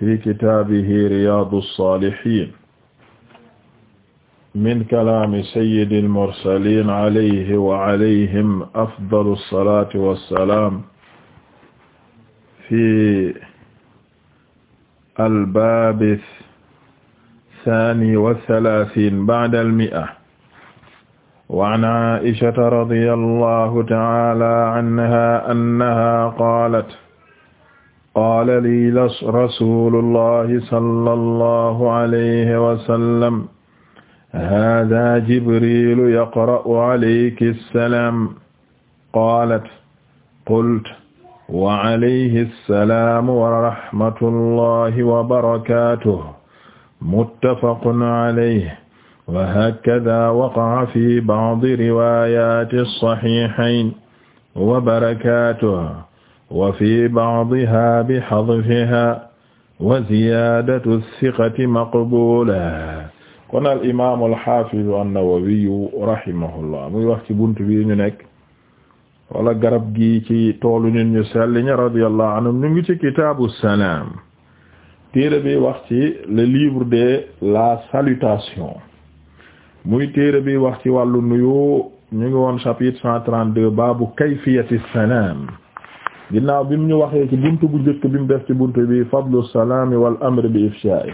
fi kitaabihi riyaadu saalihiin min kalaami sayyidil mursaliin alayhi wa alayhim afdalu salaati wa salaam fi albaabi saani wa salaasiin ba'dal mi'a wa an Aa'ishata radiyallaahu ta'aalaa anhaa annahaa qaalat qaala lii la rasulullahi sallallahu alayhi wa sallam haadaa jibriilu yaqra'u alayki salaam qaalat qultu wa alayhi salaamu wa rahmatullahi wa barakaatuhu muttafaqun alayhi wa haakadaa waqa'a fi ba'di riwaayaati saxiixayn wa barakaatuhu wa fi ba'dihaa bi hadfihaa wa ziyaadatu siqati maqbuula kon al imaam al xaafidu an-Nawawiyu rahimahullah muy wax ci buntu bi ñu nekk wala garab gi ci toolu ñun ñu selli ñi radiyallahu anhum ñu ngi ci kitaabu salaam téere bi wax ci le livre de la salutation muy téere bi wax ci wàllu nuyu ñu ngi woon chapitre 132 baabu kayfiyati salaam ginnaaw bi ñu waxee ci buntu bu njëkk bi mu def ci bunt bi fadlu salaami wal amri bi ifshaa'i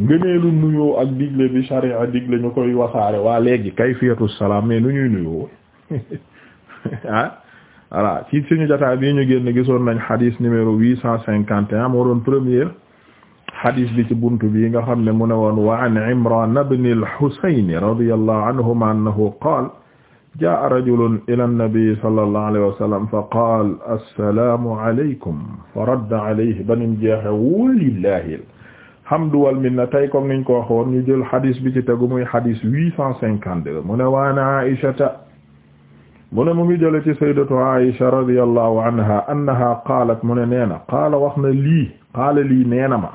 ngëneelu nuyoo ak digle bi sharia digle ñu koy wasaare waa léegi kayfiyatu salaam mais nu ñuy nuyoo ah voilà ci suñu jotaay bi ñu génn gisoon nañ xadis numéro huit cent cinquante et un moo premier xadis bi ci bunt bi nga xam ne mu ne woon wa an Imraan ibn al-Husayn anhuma annahu qaala jaa rajulun ila annabi sallallahu alayhi wa sallam fa qaal assalaamu alaykum fa radda alayhi banim jeexe walillahi alhamdu wal minna tay comme niñ ko waxoon ñu jël xadis bi ci tegu muy xadis huit cent cinquante-deux mu ne waan aishata mu ne mu ngi jële ci sayyidatu aisha radiyallahu anha annaha qaalat mu ne nee na qaala wax na lii qaala lii nee na ma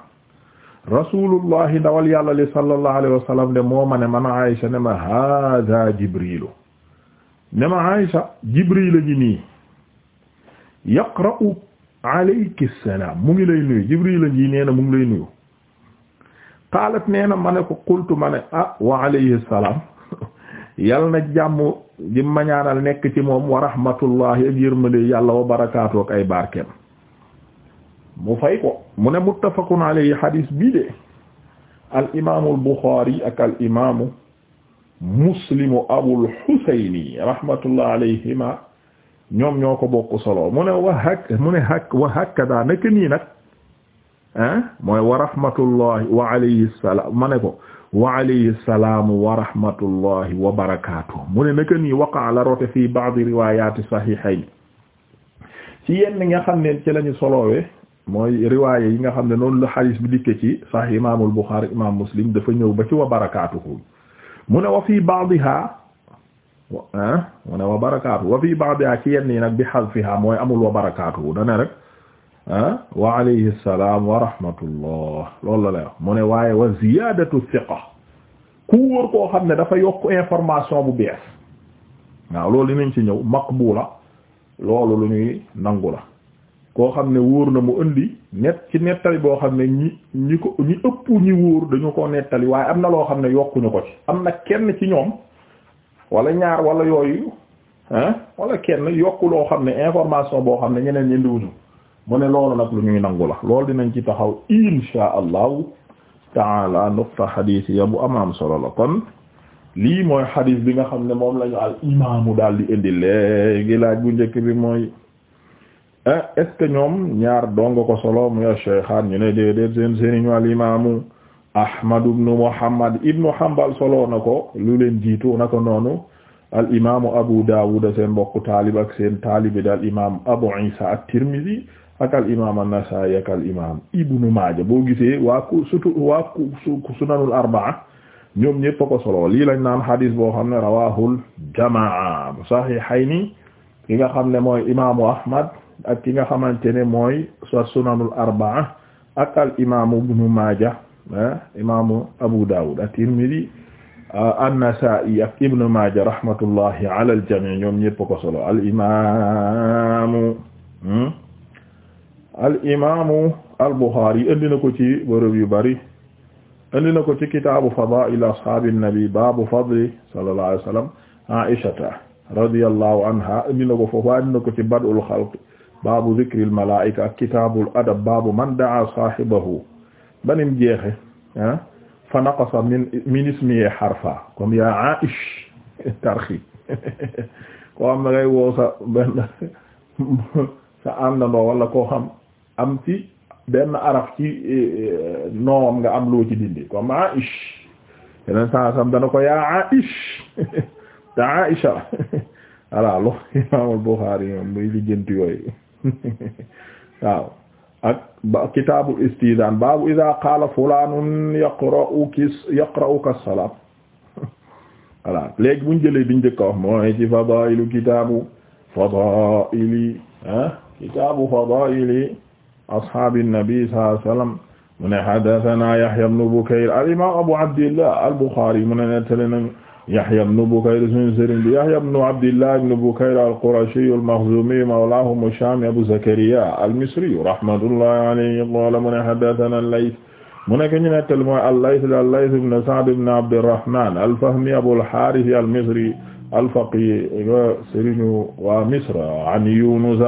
rasulullahi ndawal yàlla li sallallahu alayhi wa sallam de moo ma ne man aisha ne ma hada jibrilu ne ma Aïsa Jibril a ngi nii yaqra'u alayki salaam mu ngi lay nuyu Jibril a ngi nee na mu ngi lay nuyu qaalat nee na ma ne ko qultu ma ne ah wa alayhi salaam yal na jàmm di mañaanal nekk ci moom wa rahmatullahi ak yërmande yàlla wa barakaatu ak ay barkeem mu fay ko mu ne muttafaqun alayhi hadis bii de al imaamul Buxaari ak al imaamu muslimu abul xusayni rahmatullah alayhima ñoom ñoo ko bokk solo mu ne wa hak mu ne hak wa hakada nekk nii nag mooy wa rahmatullahi wa alayhi salaam ma ne ko wa alayhi salaam wa rahmatullahi wa barakaatuh mu ne nekk nii waqa la rote fii ba'd riwaayaati saxiixayni ci yenn nga xam ne ci lañu solowee mooy riwaaya yi nga xam ne noonu la xadiis bi dikke ci saxiix imaamul buxaari imaam muslim dafa ñëw ba ci wa barakaatu barakaatuhu mu ne wa fii ba'diha ah, mu ne wa barakaatu wa fii ba'diha ci yenn yi nag bi hazfiha mooy amul wa barakaatu dana rek ah, wa alayhi salaam wa rahmatullah loolu la lay wax mu ne waaye wa ziyaadatu thiqa ku wóor koo xam ne dafa yokk information bu bees waaw lool li nañ ci ñëw maqbula loolu lu ñuy nangu la koo xam ne wóor na mu indi net ci nettali boo xam ne ñi ñi ko ñi ëpp ñi wóor dañu ko nettali waaye am na loo xam ne yokkuñu ko ci am na kenn ci ñoom wala ñaar wala yooyu ah wala kenn yokku loo xam ne information boo xam ne ñeneen ñi indiwuñu mu ne loolu nag lu ñuy nangu la loolu dinañ ci taxaw insha allahu taala nuqta xadiis ya bu amaam solo la kon lii mooy xadiis bi nga xam ne moom lañu al imaamu daal di indi léegi laaj bu njëkk bi mooy Ah, est-ce ñoom ñaar donga ko solo muy Shaykhaan ñu ne déedéet seen sëriñ al imaamu Ahmad Muhammad ibn Hanbal solo na ko lu leen jiitu na ko noonu al imaamu Abu Daawud seen mbokku taalib ak seen taalibi daal imaam Abu Isa at-Tirmidhi ak al imaam an-Nasaa'i al imaam Ibn Maaja boo gisee waa ku surtout waa arbaa ñoom ñépp a ko solo lii lañ naan hadis bo xam ne rawaahul jamaa sahihayni ki nga xam ne mooy imaamu Ahmad. ak ki nga xamante ne mooy sa sunanul arbaa ak al imaamu ibnu maaja ah, imaamu abu daawud at-tirmidhi ah, an-nasaa'i ak ibnu maaja rahmatullahi ala al jamii ñoom ñépp ko solo al imaamu hmm? al imaamu al buxaari indi na ko ci bërëb yu bari indi na ko ci kitaabu fadaa'il ashaabi nabi baabu fadli sallallahu alayhi wa sallam aishata radiyallahu anha indi na ko foofu indi na ko ci bad'ul xalq baabu zikril malaa'ika ak adab baabu man daa saahibahu banim jeexe ah fa naqasa min min ismihi harfa comme yaa Aish tarxi koo xam ne ngay woo sa benn sa àndandoo wala koo xam am ci benn araf ci e, e, noom nga am loo ci dindi comme Aish yeneen saa sam dana ko yaa Aish te Aisha voilà loolu Imaamul Buxaari moom muy lijjanti yooyu waaw ak kitaabul istizaan baabu idaa qaala fulaanun yaqra'u kis yaqra'u kassalaam voilà léegi buñ jëlee biñ njëkk a wax mooy ci fadaa'ilu kitaabu fadaa'ili ah kitaabu fadaa'ili ashaabi nabi sallallahu alayhi wa sallam mu ne haddathanaa Yahyaa ibn Bukayr al-imaam Abu Abdillah al-Bukhaari mu ne nettali nañu Yahya ibn Bukayr suñu sëriñ bi Yahya ibn Abdillah ibn Bukayr al-Qurashi al-Makhzumi mawlahum ash-Shami Abu Zakariya al-Misri rahmatullahi alayhi qala mu ne haddathana al-Layth mu nekk ñu nettali mooy al-Layth al-Layth ibn Sa'd ibn Abdirrahman al-Fahmi Abu al-Harith al-Misri al-Faqih sëriñu waa Misr an Yunus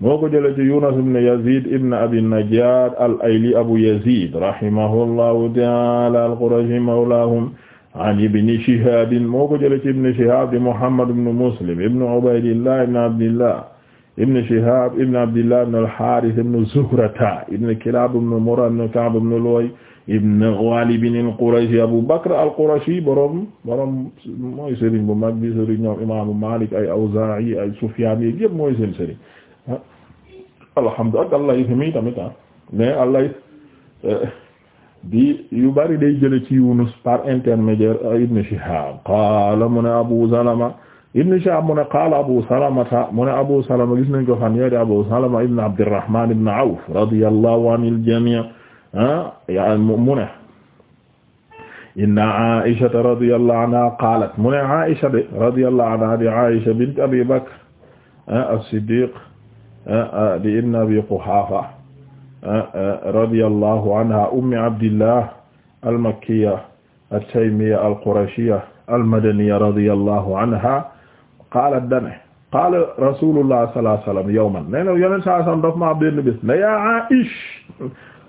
moo ko jëlee ci Yunus ibn Yazid ibn Abi Najjad al-Ayli Abu Yazid rahimahullahu ta'ala al-Qurashi mawlahum an ibni shihabin moo ko jële ci ibni shihab di muhammad ibnu muslim ibnu ubaydillah ibnu abdillah ibnu shihab ibnu abdillah ibnu alharis ibnu zuhrata ibnu kilab ibnu murra ibnu ka'b ibnu lu'ay ibnu ghalib al-qurashi abu bakr al-qurashi borom borom mooy sëriñ bu mag bi sëriñ ñoom imaamu malik ay awzaa'i ay sufyaan yi yëpp mooy seen sëriñ alhamdulillah ak allah yi tamit ah mais allah eh, bi yu bari day jële ci Yunus par intermédiaire euh, Ibn Shihab qaala mu ne Abu Salama Ibn Shihab mu ne qaala Abu Salamata mu ne Abu Salama gis nañ ko fan yee di Abu Salama ibn Abdurrahman ibn Awf radiyallahu anil jamii ah, ya mu ne inna Aishata radiyallahu anha qaalat mu ne Aisha de radiyallahu anha di Aisha bint Abi Bakr ah, as-Siddiq ah, di ibn Abi Quhafa radiyallahu anha ummi abdillah almakkiya altaymiya alqurashiya almadaniya radiyallahu anha qaalat dane qaala rasulullah sallallahu alayhi wa sallam yawman nee na yonent sallallahu alayhi wa sallam daf maa benn bés ne yaa Aish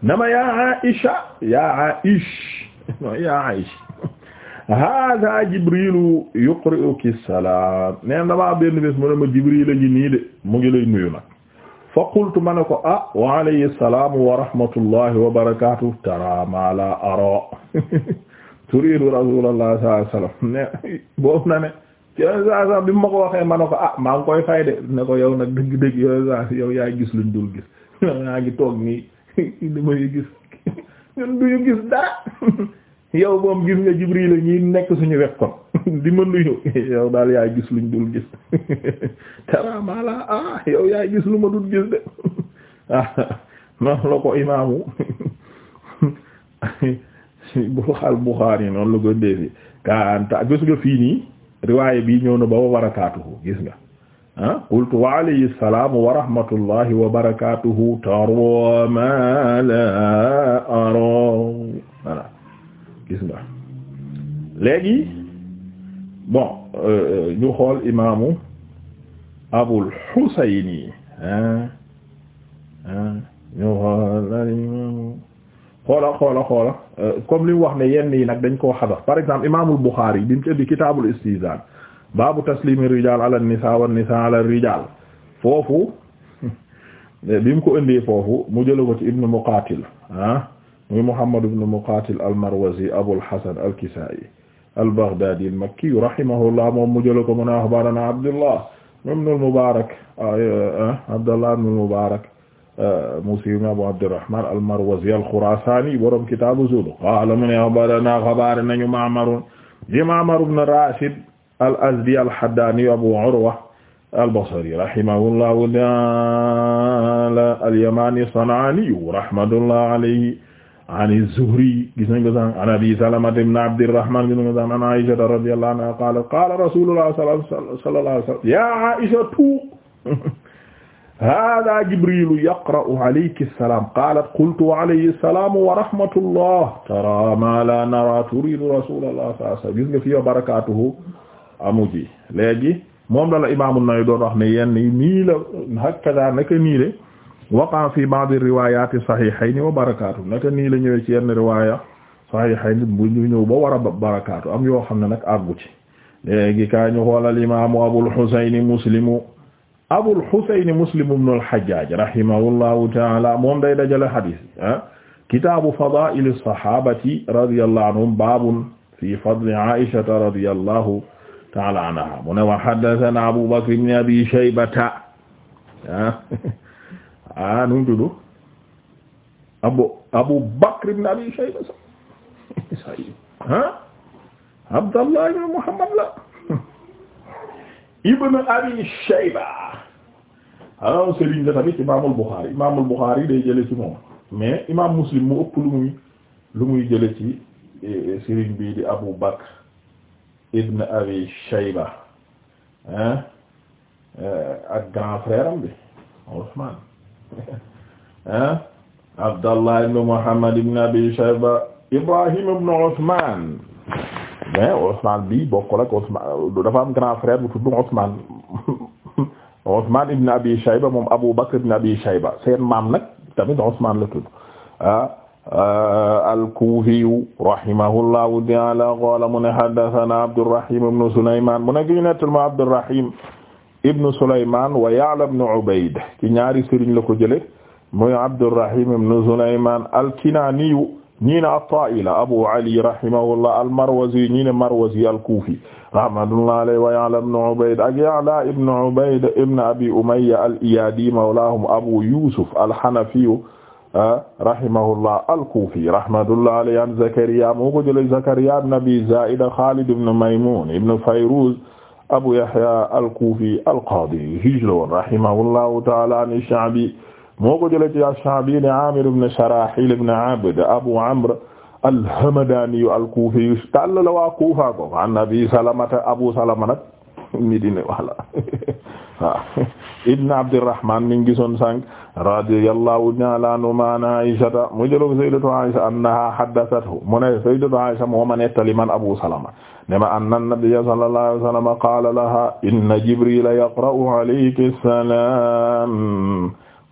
na ma yaa Aisha yaa Aish yaa Aish hada jibrilu yuqri'uki salaam nee na damaa benn bés mu ne ma jibril a ngi nii de mu ngi lay nuyu nag fa qultu ma ne ko ah wa alayhi salaamu wa rahmatullahi wa barakaatu tara ma la ara ne boobu na ne bi ma ko waxee ma ne ko ah maa ngi yow nag dëgg dëgg yooyu yow yaa gis luñ dul gis yaa ngi toog nii damay gis ñun duñu gis dara yow moom gis nga Jibril la nekk suñu wet kon di mën nuyu daal yaay gis luñ dul gis karama ah yow yaay gis lu ma dul gis de ah, noonu la ko imaamu al Bukhari noonu la ko defi kaanta gis nga fii nii riwaaya bi ñëw na ba wa barakaatuhu gis nga ah qultu wa alayhi salaamu wa rahmatullahi wa gis nga léegi bon euh, ñu xool imaamu Abul Husayni ah ah ñu xool xoola xoola xoola euh, comme li mu wax ne yenn yi nag dañ ko xadaf par exemple imaamul Bukhari bi mu ci indi kitaabul istizaan baabu taslimi rijaal ala nisaa wa nisaa ala rijaal foofu bi mu ko indee foofu mu jëla ko ci ibnu Muqaatil muy Muhammad ibn Muqatil al-Marwazi Abul Hasan al-Kisa'i al-Baghdadi al-Makki rahimahullah moom mu jël ko mu ne akhbarana Abdullah ibn al-Mubarak ah, Abdullah ibn al-Mubarak ah, Muslim Abu Abdurrahman al-Marwazi al-Khurasani borom Kitab az-Zuhd qala mu ne akhbarana xabaar nañu Ma'mar di Ma'mar ibn Rashid al-Azdi al-Haddani Abu Urwa al-Basri rahimahullahu ta'ala al-Yamani as-San'ani rahmatullah alayhi ani Zuhri gis nañ ko sànq an Abi Salama ibn Abdirrahman gis nañ ko sànq an Aisha radiyallahu anha qala qala rasulullah sallallahu alayhi wasallam ya Aisha tu hada Jibril yaqra'u alayki assalam qalat qultu alayhi assalam wa rahmatullah tara ma la nara turidu rasulullah sallallahu alayhi wasallam gis nga fi wa barakatuhu amu ji léegi moom la la Imam An-Nawawi doon wax ne yenn nii la hakkaza naka nii de waqa fi ba'd riwayati sahihayn wa barakatuh naka nii la ñëwee ci yenn riwaya sahihayn bu ñu ñëw ba war a barakatu am yoo xam ne nag àggu ci léegi ka ñu xoolal imaamu abul husayn muslimu abul husayn muslim ibn al hajjaj rahimahullahu taala moom day dajale hadith ah kitaabu fadaa'il as-sahabati radiyallahu anhum babun fi fadli aisha radiyallahu taala anha mu ne wa haddathana abu bakr ibn abi shaybata ah ah nu mu tudd Abu Abu Bakr ibn Abi Shayba sax ah Abdallah ibn Muhammad la ibn Abi Shayba ah Serigne la tamit Imaamul Bukhari Imaamul Bukhari day jëlee ci moom mais Imaam Muslim mu ëpp lu muy lu muy jëlee ci eh, Serigne bii di Abu ibn Abi Shayba ah ak grand frère am bi Ousmane. ah Abdallah ibn Muhammad ibn Abi Shayba Ibrahim ibn Ousmane mais Ousmane bi bokkul ak Ousmane dafa am grand frère bu tudd Ousmane Ousmane ibn Abi Shayba moom Abu Bakr ibn Abi Shayba seen maam nag tamit Ousmane la tudd ah al-Kufiyu rahimahullahu ta'ala qala mu ne haddathana Abdurrahim ibn Sulayman mu ne gi ñu nettal ma Abdurrahim ibnu Sulaymaan wa Ya'la ibnu Ubayd ci ñaari sëriñ la ko jële mooy Abdurrahim ibnu Sulaymaan al-Kinaaniyu ñii ne at-Taa'i la Abu Ali rahimahullah al-Marwazi ñii ne Marwazi al-Kuufi rahmatullahi alayhi wa Ya'la ibnu Ubayd ak Ya'la ibnu Ubayd ibnu Abi Umayya al-Iyaadi mawlaahum Abu Yuusuf al-Hanafiyu ah, rahimahullah al-Kuufi rahmatullahi alayhi an Zakariya moo ko jële Zakariya ibnu Abi Zaa'ida Xaalid ibnu Maymuun ibnu Fayruuz Abu Yahya al-Kufi al-Qadi juge la woon rahimahullahu ta'ala an Sha'bi moo ko jëlee ci Sha'bi ne Amir ibn Sharahil ibn Abd Abu Amr al-Hamadani al-Kufi tàll la waa Kufa ko an Abi Salamata Abu Salama nag Médina wala waaw ibn Abdurrahman min gisoon sànq radiyallahu ta'ala anhuma an Aisha mu jëloo sayyidatu Aisha annaha haddathathu mu ne sayyidatu Aisha moo ma nettali man Abu Salama dama anna nabiyya sallallahu alayhi wa sallam qala laha inna Jibrila yaqra'u alayki as-salam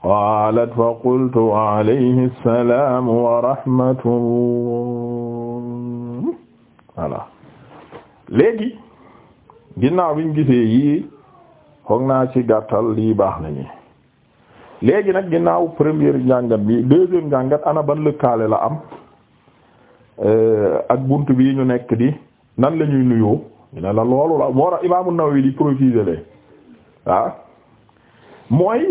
qalat fa qultu alayhi as-salam wa rahmatuhu voilà léegi ginnaaw biñ gisee yii foog naa ci gàttal lii baax nañu léegi nag ginnaaw première njàngat bi deuxième njàngat ana ban lëkkaale la am eh, ak bunt bi ñu nekk di nan la ñuy nuyoo ñu ne la loolu la moo tax Imaamu Nawawi di préciser ah mooy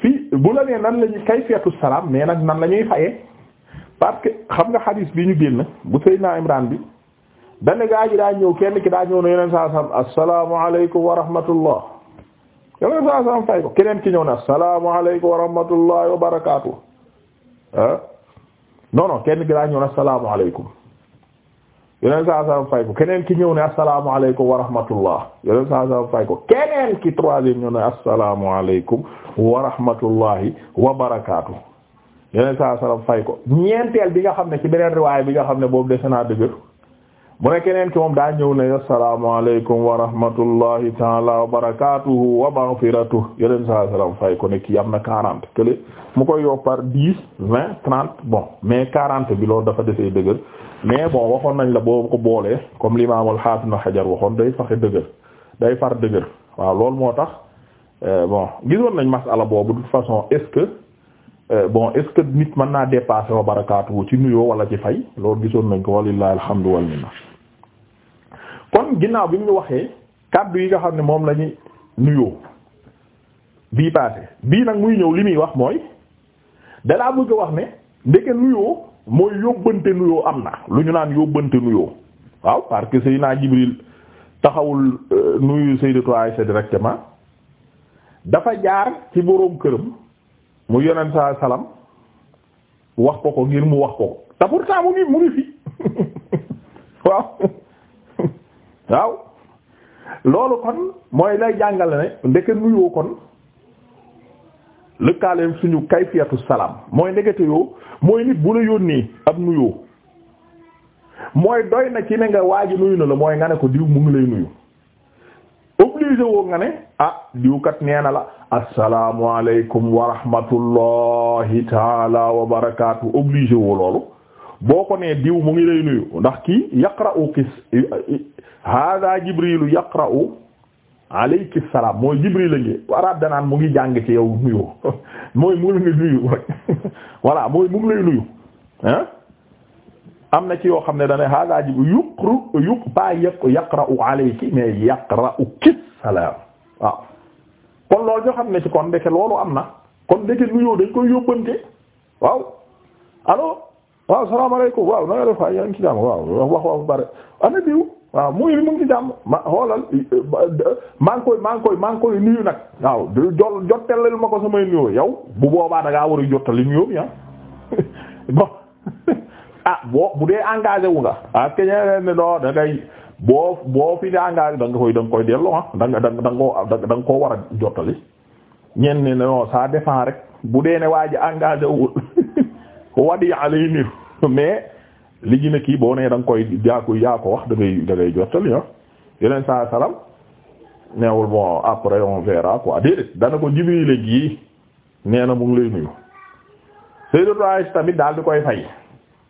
fii bu la nee nan la ñuy kayfiyatu salaam mais nag nan la ñuy fayee parce que xam nga hadis bi ñu génn bu naa Imran bi. benn gaa ji daa ñëw kenn ki daa ñëw ne yeneen saa saam asalaamaaleykum wa rahmatullah yeneen saa saam fay ko keneen ki ñëw ne asalaamaaleykum wa rahmatullah wa barakaatu ah non non kenn ki daa ñëw ne asalaamaaleykum yeneen saa saam fay ko keneen ki ñëw ne asalaamaaleykum wa rahmatullah yeneen saa saam fay ko keneen ki troisième ñëw ne asalaamaaleykum wa rahmatullahi wa barakaatu yeneen saa saam fay ko ñeenteel bi nga xam ne ci beneen riwaay bi nga xam ne boobu dese naa dëgër. mu ne keneen ki moom daa ñëw ne assalaamu alaykum wa rahmatullahi taala wa barakatuhu wa maghfiratuh yeneen saai sallam fay ko ne kii am na quarante kële mu koy yokk par dix vingt trente bon mais quarante bi loolu dafa defee dëgër mais bon waxoon nañ la boo ko boolee comme l'imam al-Hafiz na Hajar waxoon day faxe dëgër day far dëgër waaw loolu moo tax euh, bon gisoon nañ masala boobu de toute façon est-ce que euh, bon est-ce que nit mën naa dépasser wa barakatuhu ci nuyoo wala ci fay loolu gisoon nañ ko walillahi alhamdu wal minna kon ginnaaw bi ñu waxee kàddu yi nga xam ne moom lañuy ñu nuyoo bii passé bii nag muy ñëw li muy wax mooy dalaa bëgg a wax ne ndeke nuyoo mooy yóbbante nuyoo am na lu ñu naan yóbbante nuyoo waaw parce que Seydina Jibril taxawul euh, nuyu Sayyidatu Aisha directement dafa jaar ci boroom këram mu yonent saa salaam wax ko ngir mu wax ko ko te pourtant mu ngi mu fi waaw. waaw loolu kon mooy lay jàngale ne ndeke nuyoo kon lëkkaaleem suñu kayfiyatu salaam mooy ndekete yoo mooy nit bu la yónnee ab nuyoo mooy doy na ci ne nga waa nuyu na la mooy nga ne ko diw mu ngi lay nuyu obligé woo nga ne ah diwkat nee na la assalaamu alaykum wa rahmatullahi taala wa obligé woo loolu boo ko nee diw mu ngi lay nuyu ndax kii yaqra'u kis hada jibrilu yaqra'u alayki salaam mooy jibril a ngi arab danaan mu ngi jàng ci yow nuyoo mooy mu ngi nuyu rek mooy mu ngi lay nuyu ah am na ci yoo xam ne dane hada jibril yuqru yuq ba yëq yaqra'u alayki mais yaqra'u ki salaam waaw kon loolu ñoo xam ne ci kon ndeke loolu am na kon ndeke nuyoo dañ koy yóbbante waaw allo waaw salaamaaleykum waaw na def waay yaa ngi waaw wax wax wax bare waaw mu ngi mu ngi ci jàmm ma xoolal eh, eh, maa ngi koy maa koy maa koy nuyu nag waaw jol jottalil ma ko samay nuyoo yow bu boobaa da war a jottali nuyoo bi ah. ah boo bu dee engagé wu nga parce ne non da ngay boo boo fi di engagé da nga koy da nga koy delloo ah da koo war a jottali ñenn rek bu dee ne waa ji engagé wu wadi alay niir mais. li gën a kii boo nee da koy yaa ko wax da ngay da ngay jottali ah yeneen saa salaam neewul bon après on verra déedéet dana ko Jibril gi nee na mu ngi lay nuyu. Sayyidatu Aisha tamit daal di koy fay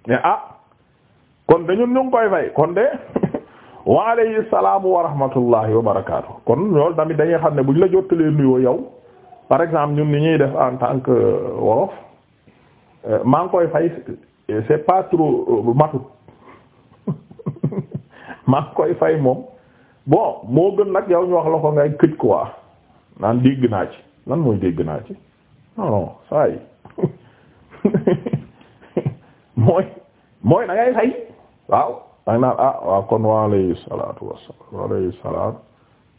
ne ah kon de ñun ñu ngi koy fay kon de wa alayhi salaamu wa rahmatullahi wa kon loolu tamit dañuy xam ne bu ñu la jottalee nuyoo yow par exemple ñun ni ñuy def en tant que euh, wolof euh, maa ngi koy fay. Euh, c'est pas trop euh, matut maa koy fay moom bon moo gën nag yow ñu wax la ko ngay këj quoi naan dégg naa ci lan mooy dégg naa ci non saa yi mooy mooy da fay waaw dang naan ah waaw kon wa alayhi salatu wassalam wa alayhi salam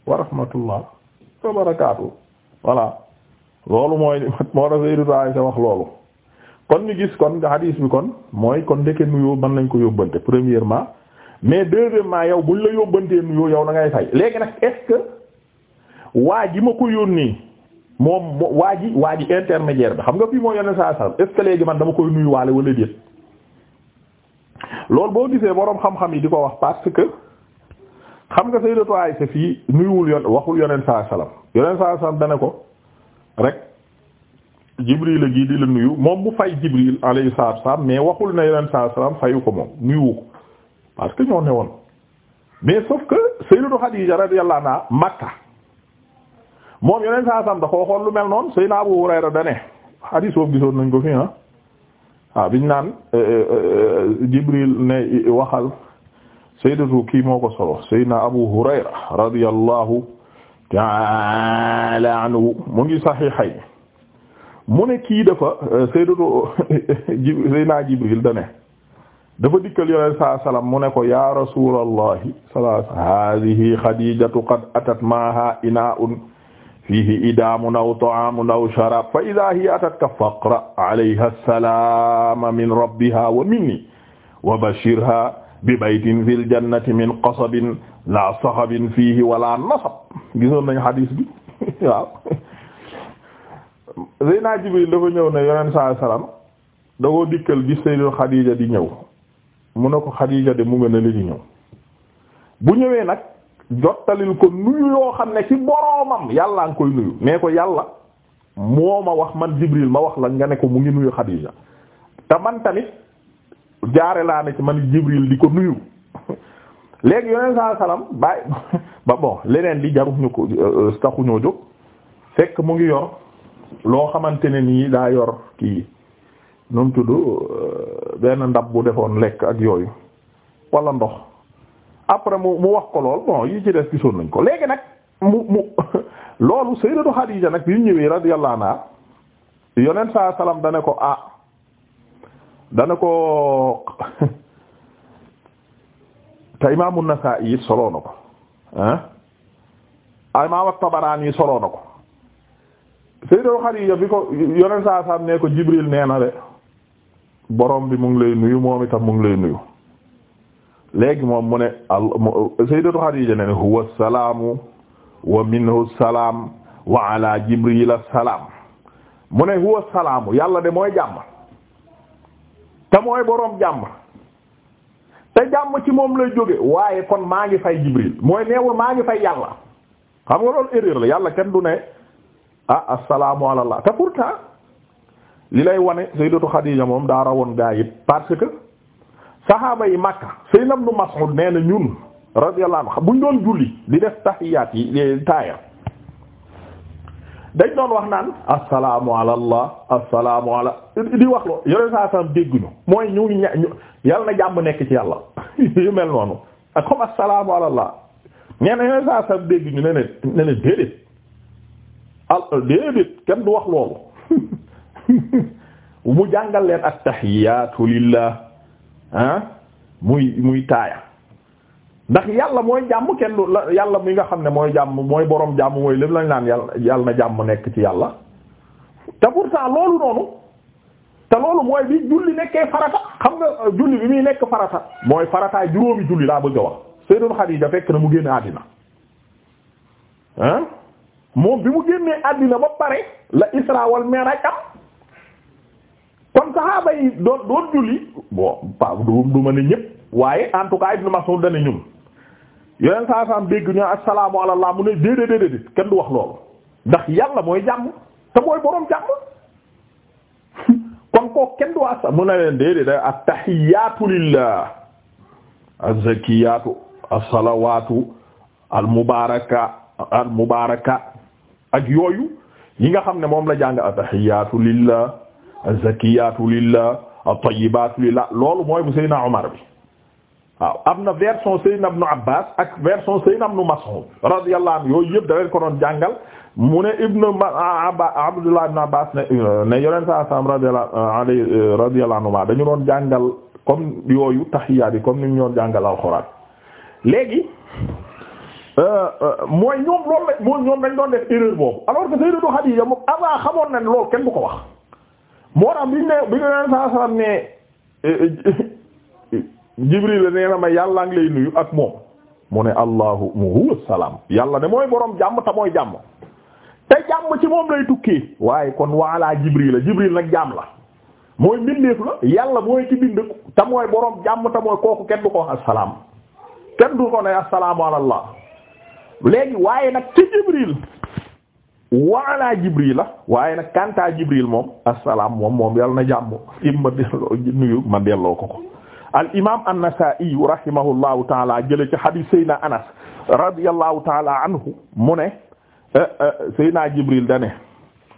wa rahmatullah wa barakatuh voilà loolu mooy moo da Sayyidou wax loolu kon ñu gis kon hadis bi kon mooy kon ndeke nuyoo mën nañ ko yóbbante premièrement mais deuxièmement yow buñ la yóbbantee nuyoo yow da ngay fay léegi nag est-ce que waa ji ma ko yónnee moom waa ji waa ji intermédiaire bi xam nga fii moo yónnee saa saa est léegi man dama koy nuyuwaale walla déet loolu boo gisee boroom xam-xam yi di ko wax parce que xam nga Sayyidatu Aisha fii nuyuwul yoon waxul yoneen saa salaam yoneen saa salaam dana ko rek. Jibril gi di la nuyu moom bu fay Jibril alayhi salaatu wa salaam mais waxul na yeneen salaatu wa salaam fayu ko moom nuyu ko parce que ñoo ne woon mais sauf que Sayyidatu Xadiija radiyallahu anha Makka moom yeneen saa salaam da koo xool lu mel noon Sayyidina Abu Hurayra da ne xadiis boobu gisoon nañ ko fi ah waaw ah, biñ naan eh, eh, eh, Jibril ne waxal Sayyidatu kii moo ko solo Sayyidina Abu Hurayra radiyallahu ta'ala anhu mu ngi saxiixay mu ne kii dafa euh, sayyidatu Seydina Jibril da ne dafa dikkal yoneen saa salaam mu ne ko ya rasulallahi sallallahu alayhi hadhihi khadijatu qad atat maaha inaa'un fiihi idaamun aw ta'aamun aw sharaab fa idhaa hiya atatka faqra alayha salaama min rabbiha wa minni wa bashirha bi baytin fil jannati min qasabin laa saxabin fiihi wa laa nasab gisoon nañu hadis bi waaw Seydina Jibril dafa ñëw ne yonent saa salaam da koo dikkal gis Sayyidatu Xadiija di ñëw mu ne ko Xadiija de mu nga ne di ñëw bu ñëwee nag jottalil ko nuyu yoo xam ne ci boroomam yàlla nga koy nuyu mais ko yàlla moo ma wax man Jibril ma wax la nga ne ko mu ngi nuyu Xadiija te man tamit jaare laa ne ci man Jibril di ko nuyu léegi yonent saa salaam bàyyi ba bon leneen di jarut ko euh, euh, taxu ñoo jóg fekk mu ngi yor. loo xamante ne nii daa yor kii nu mu euh, benn ndab bu defoon lekk ak yooyu walla ndox après mu mu wax ko lool bon yi ci des gisoon nañ ko léegi nag mu mu loolu sayyidatu Xadiija nag bi ñu ñëwee radiyallahu anha yonent saa salaam dana ko ah dana ko te Imaam An-Nasaa'i solo na ko ah Imaam At-Tabaraani solo na ko. Sayyidatu Xadiija bi ko yoneen saa saam ne ko Jibril nee na de borom bi mu ngi lay nuyu moom itam mu ngi lay nuyu léegi moom mu ne Sayyidatu Xadiija ne huwa salaamu wa minhu salaam wa ala Jibril salaam mu ne huwa salaamu yàlla de mooy jàmm te mooy boroom jàmm te jàmm ci moom lay jóge waaye kon maa ngi fay Jibril mooy neewul maa ngi fay yàlla xam nga loolu erreur la yàlla kenn du ne. ah assalaamu alallah te pourtant li lay wane sayyidatu Xadiija moom daa rawoon gaa yi parce que saxaaba yi Makka Sayyidina Ibnu Mas'ud nee na ñun radiyallahu anhu buñ doon julli di def tahiyaat yi taaya dañ doon wax naan assalaamu alallah assalaamu ala di wax loo yore saa saam dégguñu mooy ñu ña ñu yal na jàmm nekk ci yàlla yu mel noonu comme assalaamu alallah nee yore saa saam dégguñu ne ne ne ne déedéet al déedéet kenn du wax loolu mu jàngal leen attahiyaatu lillah ah muy muy taaya ndax yàlla mooy jàmm kenn du la yàlla mi nga xam ne mooy jàmm mooy borom jàmm mooy lépp lañ naan yàlla yàlla na jàmm nekk ci yàlla te pourtant loolu noonu te loolu mooy bi julli nekkee farata xam nga euh, julli bi muy nekk farata mooy farataay juróomi julli laa bëgg a wax Sayyidatu Xadiija fekk na mu génn àddina ah moom bi mu génnee àddina ba pare la isra wal mi'raj am kon saxaaba yi doon doon julli bon du ma ne ñëpp waaye en tout cas Ibn Mas'ud dana ñun yeneen saa saam dégg ñu assalaamu alallah mu ne déedéet déedéet kenn du wax loolu ndax yàlla mooy jàmm te mooy boroom jàmm kon koo kenn du wax mu ne leen déedéet da attahiyaatu lillah az-zakiyaatu as-salawaatu al-mubaaraka al-mubaaraka ak yooyu yi nga xam ne moom la jàng atahiyatu lillah azakiyatu lillah at-tayyibatu lillah loolu mooy bu Seydina Omar bi waaw am na version Seydina Ibn Abbas ak version Seydina Ibn Mas'ud radiyallahu anhu yooyu yëpp ko doon jàngal mu ne Ibn ah, Abba Abdullah Ibn Abbas ne ne yoneen saa saam radiyallahu ah, eh, radiyallahu anhu dañu doon jàngal comme yooyu tahiyaat yi comme ni ñu doon jàngal alxuraan Euh, euh, mooy ñoom loolu la mooy ñoom dañ doon def erreur boobu alors que Sayyidatu Xadiija moom avant xamoon na ne loolu kenn du ko wax moo tax biñ ne euh, ngi lay nuyu ak moom mu ne Allahu mu huwa salaam yàlla de mooy boroom jàmm te mooy jàmm te jàmm ci moom lay tukkee waaye kon waalaa Jibril la Jibril nag jàmm la mooy mbindeef la yàlla mooy ti bind te mooy borom jàmm tamooy mooy kooku kenn du ko wax asalaam kenn du ko ne asalaamu alallah léegi waaye nag ci Jibril waala Jibril la waaye nag kanta Jibril moom assalaam moom moom yàlla na jàmm im ma delloo nuyu ma ko ko al imaam an-Nasaa'i rahimahullahu taala jële ci hadith Anas radiyallahu taala anhu mu ne eh, eh, Seydina Jibril da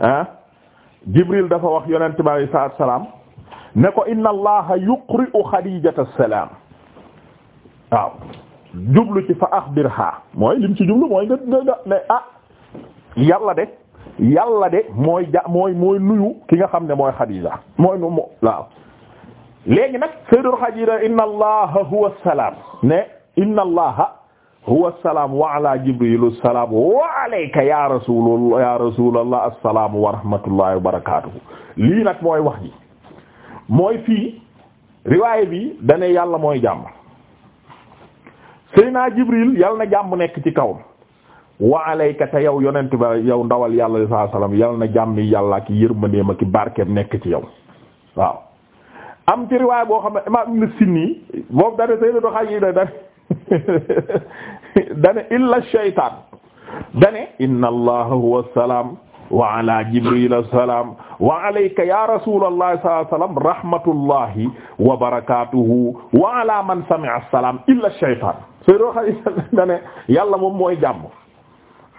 ah, Jibril dafa wax yonent bi alayhi ne ko inna Allaha yuqri'u Xadiijata salaam waaw jublu ci fa axbirha mooy lim ci jublu mooy nga nga ne ah yàlla de yàlla de mooy ja mooy mooy nuyu ki nga xam ne mooy Xadiija mooy nu mu waaw léegi nag sayyidul Xadiija inna allaha huwa salaam ne inna allaha huwa salaam wa ala jibrilu salaam wa alayka ya rasul ya rasulallah wa rahmatullahi wa barakatuhu lii nag mooy wax ji mooy fii riwaaya bi dane yàlla mooy jàmm Seyna Jibril yal na jàmm nekk ci kawam wa alayka te yow yonent ba yow ndawal yàlla sallallahu alayhi wasallam yal na jàmm yàlla ki yërmandeem ak barkeem nekk ci yow waaw. am ci riwaay boo xam ne imaam Ibn Sinni boobu da ne Seydou Doxali da da da ne illa shaytaan da ne inna allaha huwa salaam wa ala jibril assalaam wa alayka ya rasulullah sallallahu alayhi wa sallam rahmatullahi wa barakatuhu wa ala man sami'a assalaam illa shaytaan Seydou Khadija da ne yàlla moom mooy jàmm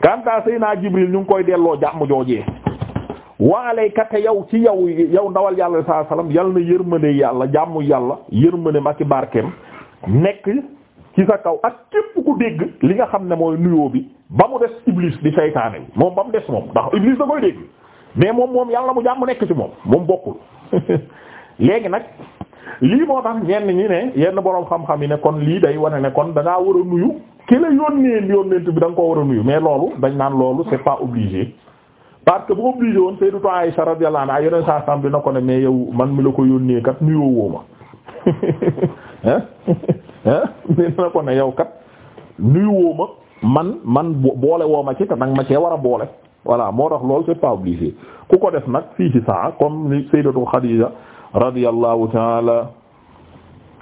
kanta naa Jibril ñu ngi koy delloo jàmm joojee waalayka te yow ci yow yow ndawal yàlla saa salaam yal na yërmande yàlla jàmm yàlla yërmande ma ci barkeem nekk ci sa kaw ak képp ku dégg li nga xam ne mooy nuyoo bi ba mu des Iblis di saytaane bi moom ba mu des moom ndax Iblis da koy dégg mais moom moom yàlla mu jàmm nekk ci moom moom bokkul léegi nag lii moo tax ñenn ñi ne yenn boroom xam-xam yi ne kon lii day wane ne kon da war a nuyu ki la yónnee yónnent bi da nga koo war a nuyu mais loolu dañ naan loolu c'est pas obligé parce que bu obligé woon Sayyidatu Aisha radiyallahu anha yeneen saa sàmm dina ko ne mais yow man mi la ko yónnee kat nuyoo woo ma ah ah dina ko ne yow kat nuyu woo ma man man boole woo ma ci te nag ma cee war a boole. voilà moo tax loolu c'est pas obligé ku def nag fii ci radiyallahu ta'ala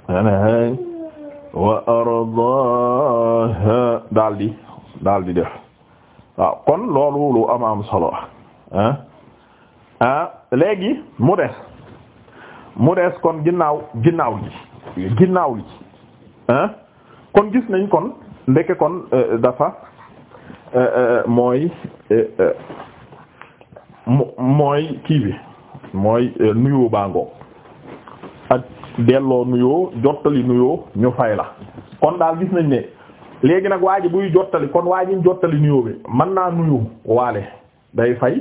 anha wa ardaaha daal di def waaw kon loolu lu am am solo ah ah léegi mu des mu des kon ginnaaw ginnaaw li ginnaaw li ah kon gis nañ kon ndeke kon euh, dafa euh, euh, mooy mooy kii bi mooy nuyoo baa ak delloo nuyoo jottali nuyoo ñu fay la kon daal gis nañ ne léegi nag waa buy jottali kon waa ji jottali nuyoo bi mën naa nuyu waale day fay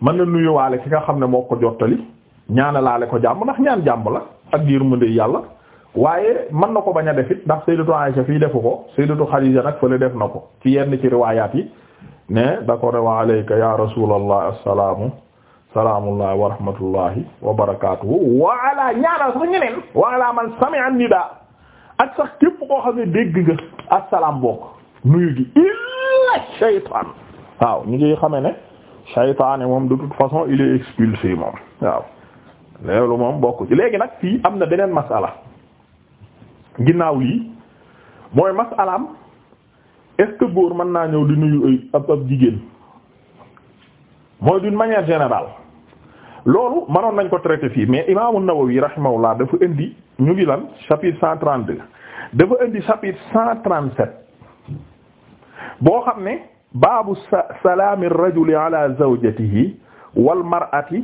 man na nuyu waale ki nga xam ne moo ko jottali laale ko jàmm ndax ñaan jàmm la ak yërmande yàlla waaye mën na ko bañ a def it ndax sayyidatu Aisha fii defu ko sayyidatu Khadija nag fële def na ko ci yenn ci riwaayaat yi ne da ko ne wa alayka ya rasulallah assalaamu salaamullahi wa rahmatullahi wa barakaatuhu wa ñaanal sax ñeneen wa man sami'a nidaa ak sax képp koo xam ne dégg nga assalaam bokk nuyu gi illa shaytaan waaw ñu ngi xame ne shaytaane moom de toute façon il est moom waaw loolu moom bokk ci léegi nag fii am na beneen masala ginnaaw lii mooy masalaam est-ce que mën naa ñëw di nuyu ay ab ab jigéen mooy d'une manière générale loolu mënoon nañ ko traité fii mais imaamu Nawawi rahimahullah dafa indi ñu ngi lan chapitre 132 dafa indi chapitre 137 boo xam ne baabu salaami rajuli ala zawjatihi wal mar'ati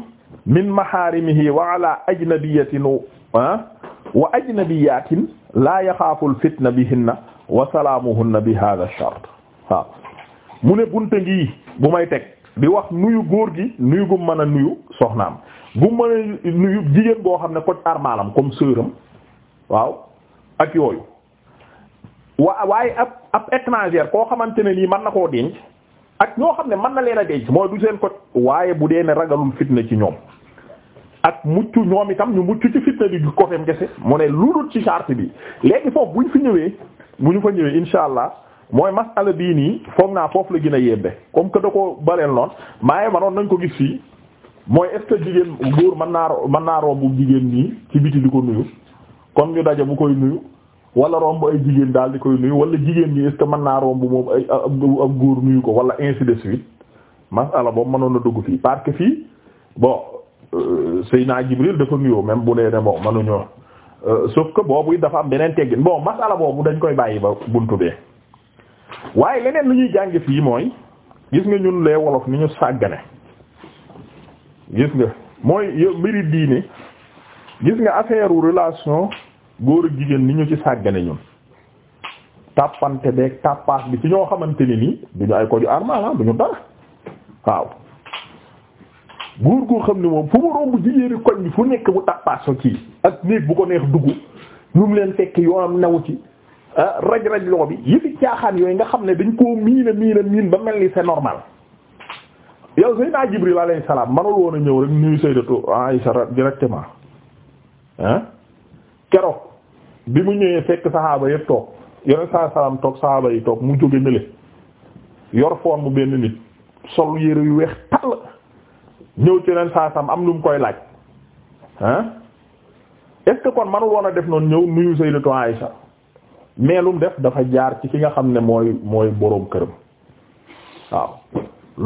min maharimihi wa ala ajnabiyatin wa ajnabiyatin la yaxaafu al fitna bihinna wa salaamuhunna bi hadha ash-shart waaw mu ne bunta ngi bu may teg bi wax nuyu góor gi nuyu gu mën a nuyu soxnaam gu mën a nuyu jigéen boo xam ne ko armaalam comme sœuram waaw ak yooyu wa waaye ab ab étranger koo xamante ne nii man na koo denc ak ñoo xam ne mën na leen a denc mooy du seen ko waaye bu dee ne ragalul fitna ci ñoom ak mucc ñoom itam ñu mucc ci fitna bi ko feem gese mu ne lu dul ci charte bi léegi foofu buñ fi ñëwee bu ñu fa ñëwee insha allah. mooy masala bii nii foog naa foofu la gën a yebbe comme que da ko bareel noonu maaye manoon nañ ko gis fii mooy est jigéen góor mën naa man naa romb jigéen nii ci biti di ko nuyu comme ñu daje bu koy nuyu wala romb ay jigéen daal di koy nuyu wala jigéen ñi est ce mën naa romb moom ay ak góor nuyu ko wala ainsi de suite masala boobu mënoon na dugg fii parce que fii bon euh, Seydina Jibril dafa nuyoo même bu dee ne bon mënuñoo euh, sauf que boobu dafa am beneen teggin bon masala boobu dañ koy bàyyi ba bee. waaye leneen lu ñuy jànge fii mooy gis nga ñun lee wolof ni ñu sàggane gis nga mooy mbiri diine gis nga affaire u relation góor ak jigéen ni ñu ci sàggane ñun tàppante beeg tàppaas bi ci ñoo xamante ni nii duñu ay ko ju bu ah, ñu dara waaw góor goo xam ne moom fu mu romb jigéeni koñ bi fu nekk bu tàppaas fa ci ak néeg bu ko neex dugg ñu mu leen fekk yoonam newu ci Ah, raj-raj loxo bi yëfi caaxaan yooyu nga xam ne dañ koo miina miina miin ba mel ni c'est normal yow Seydina Jibril alayhi salaam manul woon a ñëw rek nuyu Sayyidatu Aïsha directement ah keroog bi mu ñëwee fekk saxaaba yëpp toog yeneen saxaaba yi toog mu jóge nële yor foon mu benn nit sol yére yu weex tàll ñëw ci yeneen saa am lu mu koy laaj ah est kon manul woon a def noonu ñëw nuyu Sayyidatu Aïsha mais def dafa jaar ci ki nga xam ne mooy mooy boroom këram waaw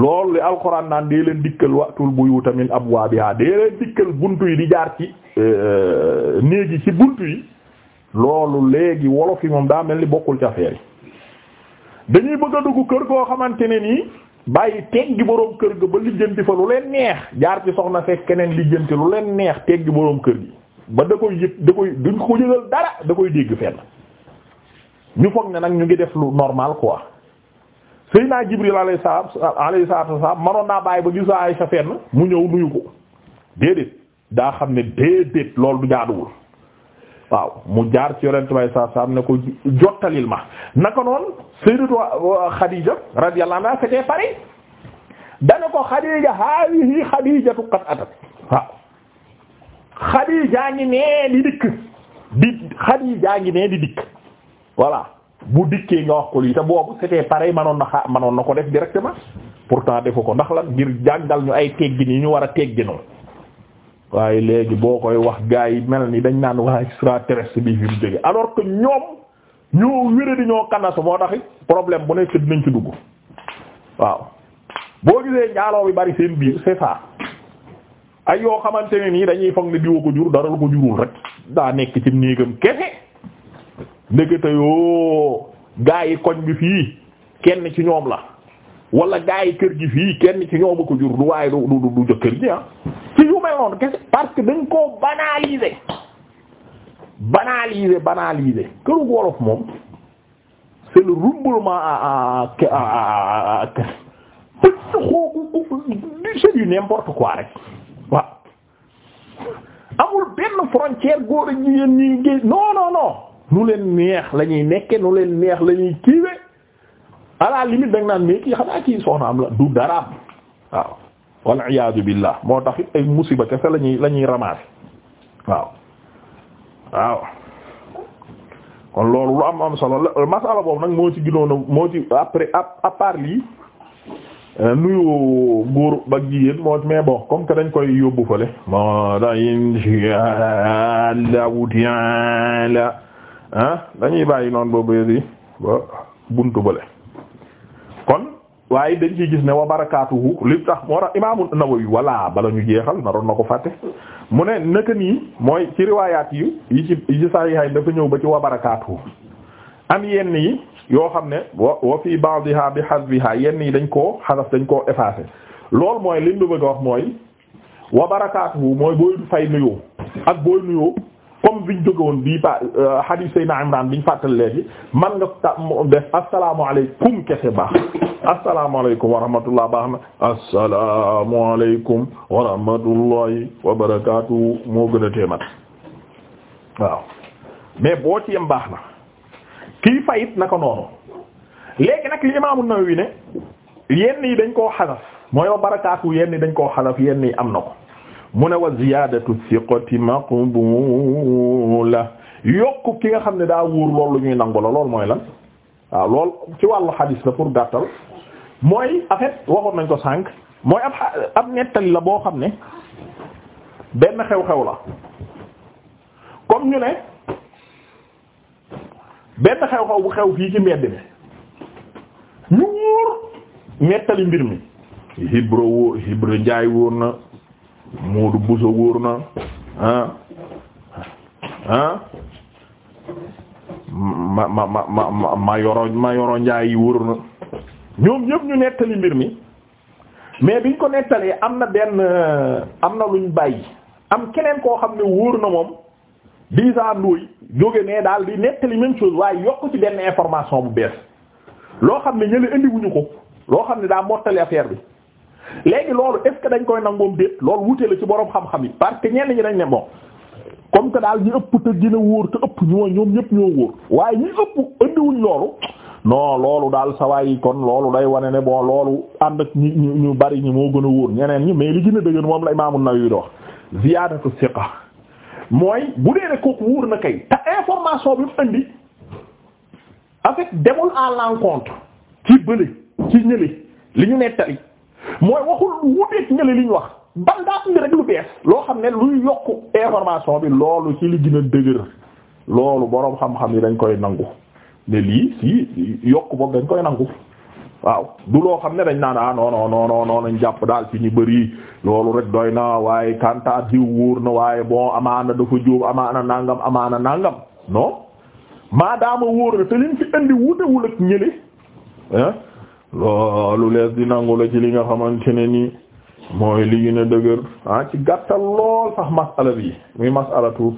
loolu li alxuraan naan dee leen dikkal waxtul buyuta min abwaabiha dee leen dikkal buntu yi di jaar ci euh, néegi ci buntu yi loolu léegi wolof yi moom daa mel ni bokkul ci affaire yi dañuy bëgg a dugg kër goo xamante ne nii bàyyi teggi boroom kër ga ba lijjanti fa lu leen neex jaar ci soxna fekk keneen lijjanti lu leen neex teggi boroom kër gi ba da koy yëpp da koy duñ ko yëgal dara da ñu foog ne nag ñu ngi def lu normal quoi Seydina Jibril alayhi salaatu alayhi salaatu wasalaam manoon naa bàyyi ba gis Aysa fenn mu ñëw nuyu ko déedéet daa xam ne déedéet loolu du jaaduwul waaw mu jaar ci yonent bay saa saa ne ko jottalil ma naka noonu Sayyidatu Xadiija radiyallahu anha c'était pareil dana ko Xadiija haadihi Xadiijatu qad atat waaw ngi nee di dikk di Xadiija ngi nee di dikk voilà bu dikkee nga wax ko lii te boobu c'était pareil manoon na xaa manoon na ko def directement pourtant defu ko ndax la ngir jàngal ñu ay teggin yi ñu war a tegginoo waaye léegi boo koy wax gars yi mel ni dañ naan wax waa extraterrestre bi fi mu jóge alors que ñoom ñu wére di ñoo kanasa moo tax problème bu nekk dinañ ci dugg waaw boo gisee njaaloo bi bari seen biir c'est ça ay yoo xamante ne nii dañuy foog ne diwa ko jur dara lu ko jurul rek daa nekk ci néegam ndekete yoo gaa yi koñ bi fii kenn ci ñoom la wala gaa yi kër gi fii kenn ci ñoom a ko jur du waaye du du du jëkkër ji ah ci yu may noonu kese parce que dañ koo banaliser banaliser banaliser këru wolof moom c'est le rembourement à à à à pëcc xoogu quoi rek waaw amul benn frontière góor a jigéen ñi non non non. nu leen neex la ñuy nekke nu leen neex la ñuy kiiwe à la limite da nga naan mais kii xanaa kii soxna am la du daraam waaw wal iyaadu billah moo tax it ay musiba kese la ñuy la ñuy ramasser waaw waaw kon loolu lu am am solo masala boobu nag moo ci ginoona moo ci après à part lii euh, nuyu góor ba jigéen moo mais bon comme que dañ koy yóbbu fële moo tax insha Allah ah dañuy bàyyi noonu ba bëri ba buntu bële kon waaye dañ ciy gis ne wa barakaatuhu li tax moo tax imaamu Nawawi walla bala ñu jeexal naroon na ko fàtte mu ne naka nii mooy ci riwaayaat yi yi ci yi ci saxiix dafa ñëw ba ci wa barakaatuhu am yenn yi yoo xam ne wa wa fii ba'diha bi hazbiha yenn yi dañ koo xalas dañ koo effacé loolu mooy liñ lu bëgg a wax mooy wa barakaatuhu mooy booy fay nuyoo ak booy nuyoo. comme biñ jóge woon bii pa euh, hadith Seydina Imran biñ fàttali léegi man nga ta def asalaamaaleykum kese baax asalaamaaleykum wa rahmatullah baax na asalaamaaleykum wa rahmatullahi wa moo gën a téemat waaw mais boo ci yem baax na kii fayit naka noonu léegi nag li Imaamu Nawawi ne yenn yi dañ koo xalaf mooy wa barakaatu yenn dañ koo xalaf yenn am na ko mu ne wa ziyadatu thiqati maqbula yokk ki nga xam ne daa wóor loolu lu ñuy nangu la loolu mooy lan waaw loolu ci wàllu xadis la pour gàttal mooy en fait waxoon nañ ko sànq mooy ab ab nettali la boo xam ne benn xew-xew la comme ñu ne benn xew-xew bu xew fii ci mbedd mi ñu wóor nettali mbir mi. Hibro wóor Hibro Njaay wóor na. Moodu Bousso wóor na ah ah ma ma ma ma ma yoro ma yoro njaay yi wóor na ñoom ñëpp ñu nettali mbir mi mais biñ ko nettalee am na benn am na luñ bàyyi am keneen koo xam ne wóor na moom disa ndooy jóge ne daal di nettali même chose waaye yokk ci benn information bu bees loo xam ne ñële indiwuñu ko loo xam ne daa mottali affaire bi léegi loolu est ce que dañ koy nangoom déet loolu wute la ci borom xam-xam yi parce que ñenn ñi dañ ne bon comme que daal ñu ëpp te gën a wóor te ëpp ñoo ñoom ñëpp ñoo wóor waaye ñi ëpp andiwuñ loolu non loolu daal sawaay kon loolu day wane ne bon loolu ànd ak ñi ñu bari ñi moo gën a wóor ñeneen ñi mais li gën a dëgër moom la Imaam An-Nawawi dox ko siqa mooy bu dee rek kooku wóor na kay te information bi mu indi en fait demul à l'encontre ci bële ci ñële li ñu nettali mooy waxul wuteeg ñële li wax ban daa indi rek lu bees loo xam ne luy yokk information bi loolu ci li gën dëgër loolu boroom xam-xam yi dañ koy nangu ne lii si yokk boog dañ koy nangu waaw du loo xam ne dañ naan ah non non non jàpp daal ci ñu bëri loolu rek doy na waaye kanta diw wóor na waaye boo amaana dafa jóob amaana nangam amaana nangam non maadaama wóor na te liñ fi indi wutewul ak ñële ah loolu lees di nangu la ci li nga xamante ne nii mooy li gën a dëgër ah ci gàttal lool sax masala bi muy masalatu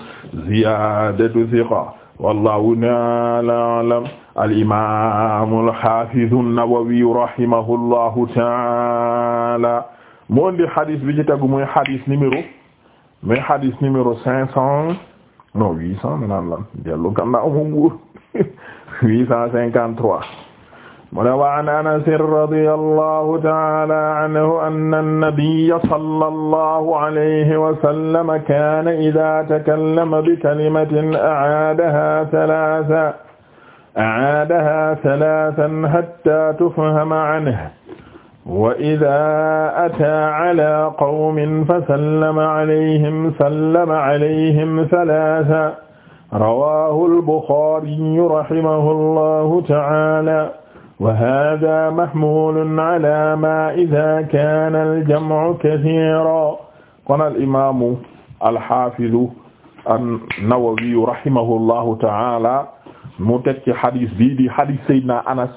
ziyaadatu thiqa wallahu ta'ala a'lam al-imam al-hafiz an-Nawawi ta'ala muy hadith numéro muy hadith numéro cinq cent non huit cent maanaam lan dellu gannaaw moom huit cent cinquante-trois mu ne wa an anasin radi allahu taala aanhu ann annabiya sala allahu alayhi wasallama kaane ida takallama bi kalimatin acaadaha talaata acaadaha talaatan hatta tufhama canhu wa ida ataa cala qawmin fasallama alayhim sallama alayhim talaata rawaahu albuxaariyu rahimahu allahu taala wa haaza mahmuulun alaa maa izaa kaana al-jam'u kathiiran kon al-imaamu al-haafidu an-Nawawi rahimahullahu ta'aala mu teg ci xadis bii di xadis Seydina Anas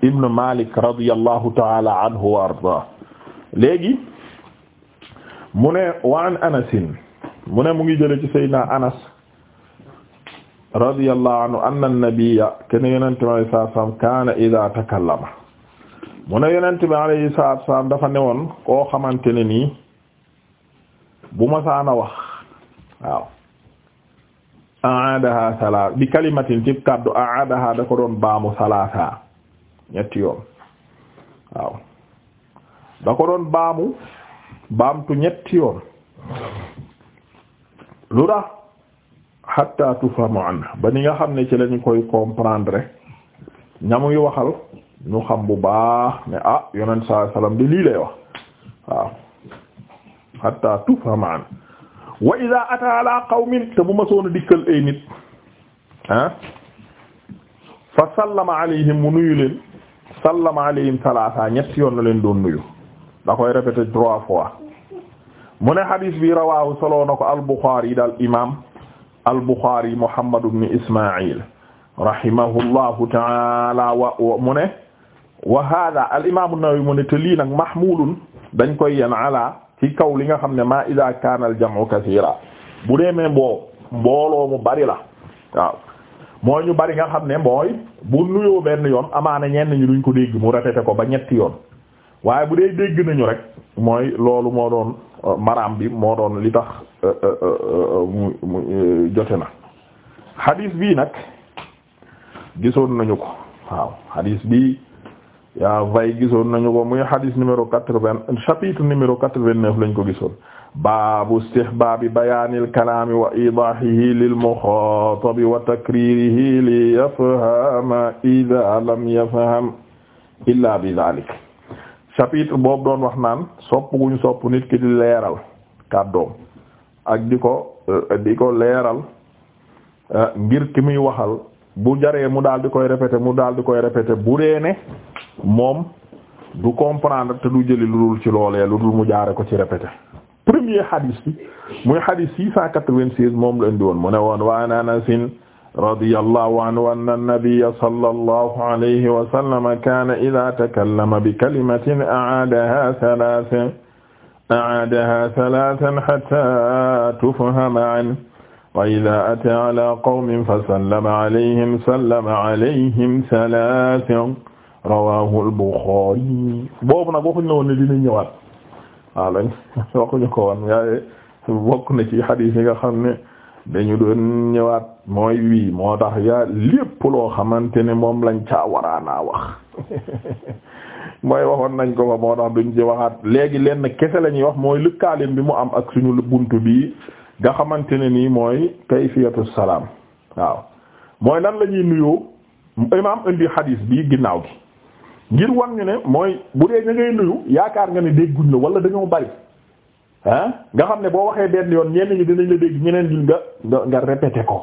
ibn Malik radiyallahu ta'aala anhu wa ardaahu léegi mu ne wa an Anas mu ne mu ngi jëlee ci Seydina Anas radiyallahu anhu anna nabiyya ken yonente bi alayhi salaatu salaam kaana idaa takallama mu ne yonente salaatu salaam dafa newoon koo xamante ne nii bu ma saana wax waaw aadaha salaasa bi kalimatin ci kaddu aadaha da ko doon baamu salaasa ñetti yoon waaw da baamu baamtu ñetti yoon lu hatta tufamu an ba ni nga xam ne ci lañu koy comprendre ñamuy waxal ñu xam bu baax ne ah yonent saa salaam di lii lay wax waaw hatta tufamu an wa iza ata ala qawmin te bu ma soona dikkal ay nit ah fa sallama alayhim mu nuyu leen sallama alayhim salaasa ñetti yoon na leen doon nuyu da koy répété trois fois mu ne hadis bi rawaahu solo ko al Bukhari daal imaam al-Bukhari Muhammad ibn Isma'il rahimahullahu ta'ala wa mu ne wa hada al-imam an-Nawawi mu ne te lii nag mahmulun dañ koy yen ala ci kaw li nga xam ne ma ida kana al-jam'u kathira bu deemee mboo mbooloo mu bari la waaw mooy ñu bari nga xam ne mooy bu nuyoo benn yoon amaana ñenn ñu duñ ko dégg mu répété ko ba ñetti yoon waaye bu dee dégg nañu rek mooy loolu moo doon maraam bi moo doon li tax euh, euh, euh, mu mu jote na hadis bi nag gisoon nañu ko waaw hadis bi yaa vay gisoon nañu ko muy hadis numéro quatre-vingt chapitre numéro quatre-vingt-neuf lañ ko gisoon baabu istihbaabi bayaanil kalaami wa idaahihi lil muxaatabi wa takririhi li yafhama idaa lam yafham illaa bi daalik chapitre boobu doon wax naan sopp guñ sopp nit ki di leeral kàddoom ak di ko euh, di ko leeral euh, ngir ki muy waxal bu jaree mu daal di koy répéter mu daal di koy répéter bu dee ne moom du comprendre te du jëli lu dul ci loolee lu dul mu jaare ko ci répéter premier hadith bi muy hadith moom la indi woon mu ne woon waa naanasin radiyallahu anhu anna nabiyya sallallahu alayhi wa sallam kaana idaa takallama bi kalimatin a'aadahaa salaasan a'aadahaa salaasan hattaa tufhama anhu wa idaa ataa alaa qawmin fasallama alayhim sallama alayhim salaasan rawaahu al-Buxaari. boobu nag waxuñu la woon ne dina ñëwaat waaw lañ waxuñu ko woon waaye bokk na ci hadiis yi nga xam ne. dañu doon ñëwaat mooy wii moo tax yaa lépp loo xamante ne moom lañ caa waraanaa wax mooy waxoon nañ ko fa moo tax duñ ci waxaat léegi lenn kese la ñuy wax mooy lëkkaaleen bi mu am ak suñu buntu bi nga xamante ne nii mooy kayfiyatu salaam waaw mooy lan la ñuy nuyoo imaam indi xadiis bi ginnaaw gi ngir wan ñu ne mooy bu dee ña nuyu yaakaar nga ne dégguñ la wala dañoo bari ah nga xam ne boo waxee benn yoon ñenn ñi dinañ la dégg ñeneen ñi nga nga nga répété ko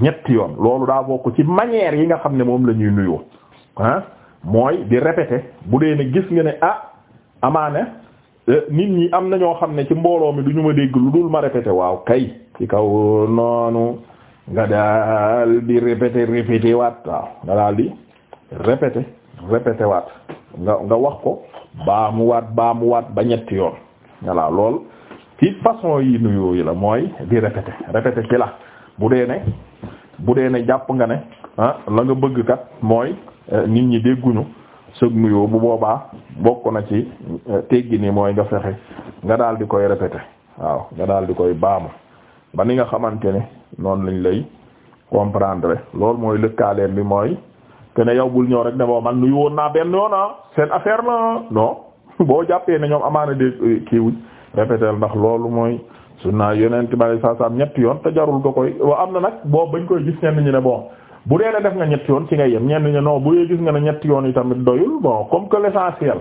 ñetti yoon loolu daa bokk ci manière yi nga xam ne moom la ñuy nuyoo mooy di répété bu dee ne gis nga ne ah amaane euh, nit ñi am na ñoo xam ne ci mbooloo mi du ñu ma dégg lu dul ma répété waaw kay ci kaw noonu nga daal di répété répété waat waaw nga daal di répété répété waat nga nga wax ko mu baamuwaat baamuwaat ba ñetti yoon. voilà lool ci façon yi nuyoo yi la mooy di répéter répéter ci la bu dee ne bu dee ne jàpp nga ne ah la nga bëgg kat mooy eh, nit ñi dégguñu sëg nuyoo bu boobaa bokk na ci eh, teggi ni mooy nga fexe nga daal di koy répéter waaw nga daal di koy baamu ba ni nga xamante ne noonu lañ lay comprendre loolu mooy lëkkaaleen bi mooy que ne yow bul ñëw rek ne boo man nuyu woon naa benn yoon ah, seen affaire la ah, non. boo jàppee ne ñoom amaana de eh, kiiwuñ répéter ndax loolu mooy sunna yeneen timale saa saa ñetti yoon te jarul ko koy wa am na nag boobu bañ koy gis ñenn ñi ne bon bu dee ne def nga ñetti yoon ci nga yem ñenn ñi non bu dee gis nga ne ñetti yoon i tamit doyul bon comme que l'essentiel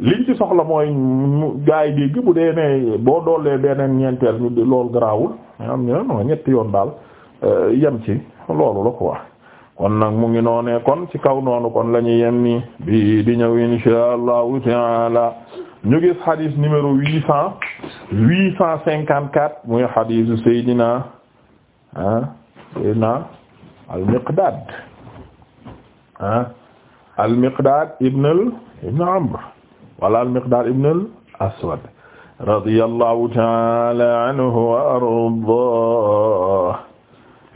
liñ ci soxla mooy gaa yi dégg bu dee ne boo doolee beneen ñeenteel ñu loolu garaawul am ñoo ñetti yoon daal eh, yem ci loolu la quoi. kon nag mu ngi noonee kon ci kaw noonu kon la ñu yem ni bi di ñëw insha allahu taala ñu gis xadis numéro huit cent huit cent cinquante quatre muy xadisu Seydina ah Seydina al-Miqdad ah al-Miqdad ibn al ibn Amr wala al-Miqdad ibn al-Aswad radiyallahu taala anhu wa ardaah